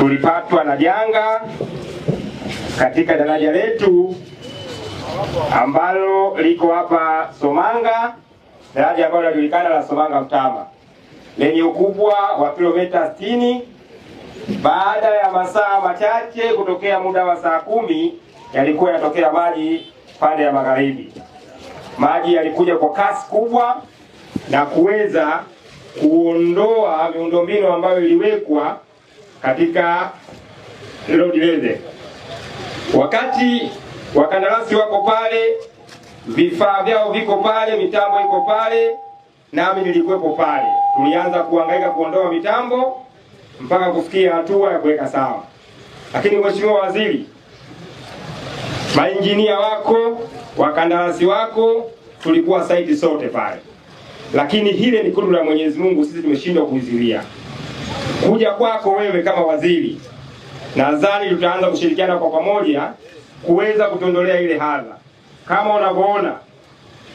tulipatwa na janga katika daraja letu ambalo liko hapa Somanga, daraja ambalo linajulikana la Somanga Mtama lenye ukubwa wa kilomita 60. Baada ya masaa machache kutokea muda wa saa kumi, yalikuwa yanatokea maji pande ya magharibi. Maji yalikuja kwa kasi kubwa na kuweza kuondoa miundombinu ambayo iliwekwa katika hilo Dilende. Wakati wakandarasi wako pale, vifaa vyao viko pale, mitambo iko pale, nami nilikuwepo pale. Tulianza kuangaika kuondoa mitambo mpaka kufikia hatua ya kuweka sawa. Lakini Mheshimiwa Waziri, mainjinia wako, wakandarasi wako, tulikuwa saiti sote pale, lakini hile ni kundi la Mwenyezi Mungu, sisi tumeshindwa kuizilia Kuja kwako wewe kama waziri, nadhani tutaanza kushirikiana kwa pamoja kuweza kutondolea ile hadha. Kama unavyoona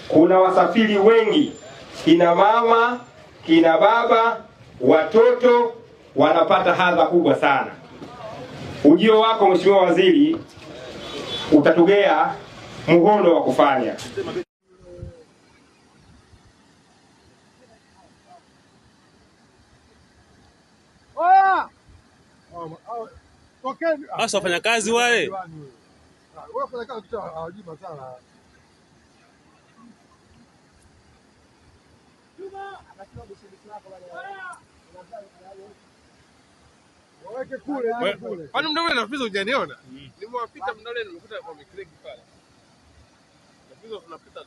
kuna wasafiri wengi, kina mama, kina baba, watoto wanapata hadha kubwa sana. Ujio wako Mheshimiwa Waziri utatugea muhono wa kufanya Basi ah, wafanyakazi eh, wale yaani Kwani mda ule Nafizo hujaniona? Mm. Nimewapita mda nimekuta kwa mikreki pale. Nafizo tunapita